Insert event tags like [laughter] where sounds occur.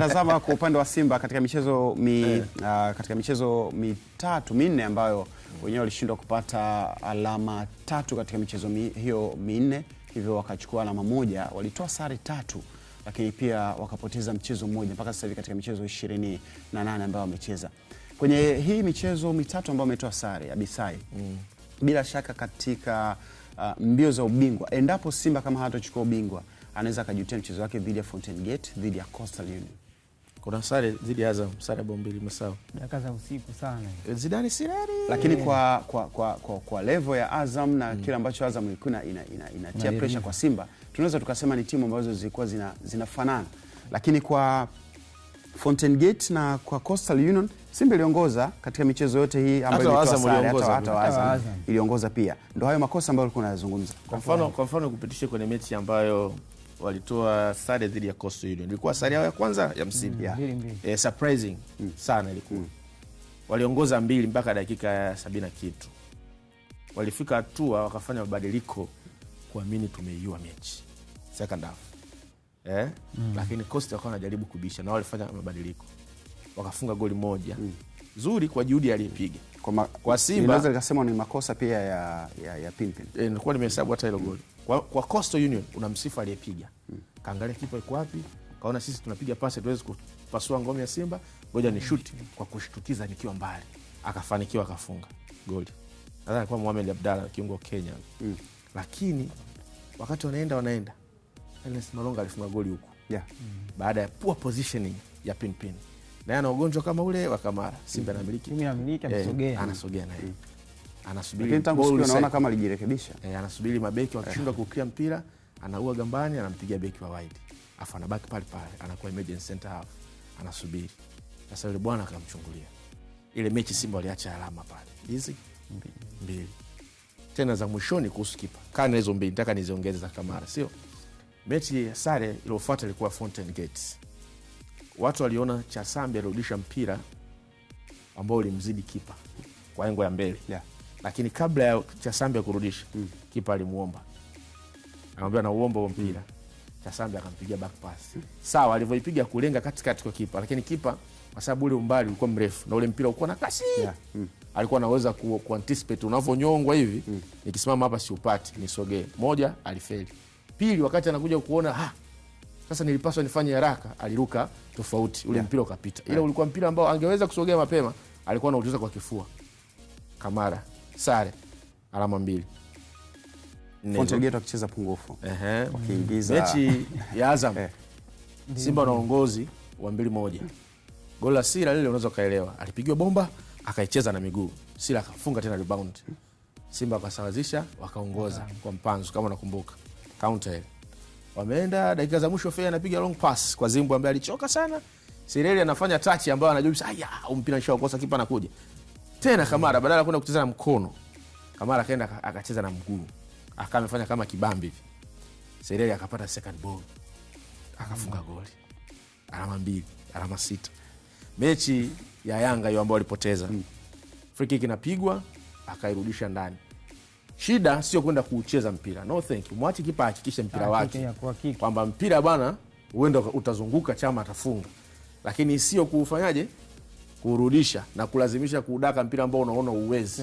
Tazama kwa upande wa Simba katika michezo mi, uh, katika michezo mitatu minne ambayo wenyewe walishindwa kupata alama tatu katika michezo mi, hiyo minne, hivyo wakachukua alama moja, walitoa sare tatu, lakini pia wakapoteza mchezo mmoja mpaka sasa hivi katika michezo ishirini na nane ambayo wamecheza kwenye hii michezo mitatu ambayo wametoa sare. Abisai, mm. bila shaka katika uh, mbio za ubingwa, endapo Simba kama hatochukua ubingwa anaweza akajutia mchezo wake dhidi ya Fountain Gate, dhidi ya Coastal Union kuna sare dhidi ya Azam, sare bao mbili msao dakika za usiku sana, Zidane sirari. Lakini kwa, kwa, kwa, kwa, kwa level ya Azam na mm. kile ambacho Azam ilikuwa ina, ina, ina, inatia pressure kwa Simba, tunaweza tukasema ni timu ambazo zilikuwa zina, zinafanana, lakini kwa Fountain Gate na kwa Coastal Union Simba iliongoza katika michezo yote hii ambayo ilitoa sare, hata Azam iliongoza pia. Ndio hayo makosa ambayo ulikuwa unayazungumza. Kwa mfano, kwa mfano kupitisha kwenye mechi ambayo walitoa sare dhidi ya Coastal Union, ilikuwa sare yao ya kwanza ya msimu mm, Eh, surprising mm. sana ilikuwa mm. waliongoza mbili mpaka dakika ya sabini na kitu, walifika hatua wakafanya mabadiliko kuamini tumeiua mechi second half eh? mm. lakini Coastal wakawa wanajaribu kubisha na walifanya mabadiliko wakafunga goli moja mm. zuri kwa juhudi aliyepiga kwa, kwa Simba inaweza nikasema ni makosa pia ya, ya, ya Pimpin e, nilikuwa nimehesabu hata hilo goli kwa, kwa Coastal Union una msifu aliyepiga hmm. Kaangalia kipa iko wapi, kaona sisi tunapiga pasi tuweze kupasua ngome ya Simba, ngoja ni shuti kwa kushtukiza nikiwa mbali, akafanikiwa akafunga goli. Nadhani alikuwa Mohamed Abdalla kiungo Kenya hmm. Lakini wakati wanaenda wanaenda, Ernest Malonga alifunga goli huku yeah. hmm. baada ya poor positioning ya Pinpin -pin naye ana ugonjwa kama ule wa Kamara. Simba anamiliki eh, anasogea naye mm. anasubiri naona kama alijirekebisha eh, anasubiri mabeki wakishindwa kukia mpira, anaua gambani, anampigia beki wa wide, afu anabaki pale pale, anakuwa emergency center half, anasubiri sasa. Yule bwana akamchungulia ile mechi, Simba waliacha alama pale hizi mbili, tena za mwishoni kuhusu kipa kana hizo mbili, nataka niziongeze za Kamara, sio mechi sare iliyofuata ilikuwa Fountain Gates watu waliona Chasambi alirudisha mpira ambao ulimzidi kipa kwa engo ya mbele yeah. Lakini kabla ya Chasambi ya kurudisha mm. kipa alimuomba, anamwambia nauomba huo mpira mm. Chasambi akampigia back pass mm. Sawa, alivyoipiga kulenga katikati kwa kipa, lakini kipa kwa sababu ule umbali ulikuwa mrefu na ule mpira ulikuwa na kasi yeah. mm. alikuwa anaweza ku, ku anticipate unavyonyongwa hivi mm. nikisimama hapa siupati, nisogee. Moja, alifeli. Pili, wakati anakuja kuona ha, ah, sasa nilipaswa nifanye haraka, aliruka tofauti, ule yeah. mpira ukapita, ila ulikuwa mpira ambao angeweza kusogea mapema, alikuwa anaucheza kwa kifua. Kamara sare, alama mbili. akicheza pungufu uh-huh. mechi ya Azam [laughs] eh. Simba na uongozi wa mbili moja, goli la Sira lile unaweza ukaelewa, alipigiwa bomba akaicheza na miguu, Sira akafunga tena rebound, Simba wakasawazisha wakaongoza kwa mpanzu, kama unakumbuka kaunta ile wameenda dakika za mwisho Fea anapiga long pass kwa Zimbu ambaye alichoka sana. Sireli anafanya touch ambayo anajua aya, mpira nishaokosa, kipa anakuja tena. Kamara badala ya kwenda kucheza na mkono, Kamara akaenda akacheza na mguu, akawa amefanya kama kibambi hivi. Sireli akapata second ball akafunga goli, alama mbili, alama sita. Mechi ya Yanga hiyo ambayo walipoteza, mm. free kick inapigwa akairudisha ndani. Shida sio kwenda kuucheza mpira, no thank you. Mwache kipa ahakikishe mpira wake kwamba mpira bwana, uenda utazunguka, chama atafunga, lakini sio kuufanyaje, kuurudisha na kulazimisha kuudaka mpira ambao unaona uwezi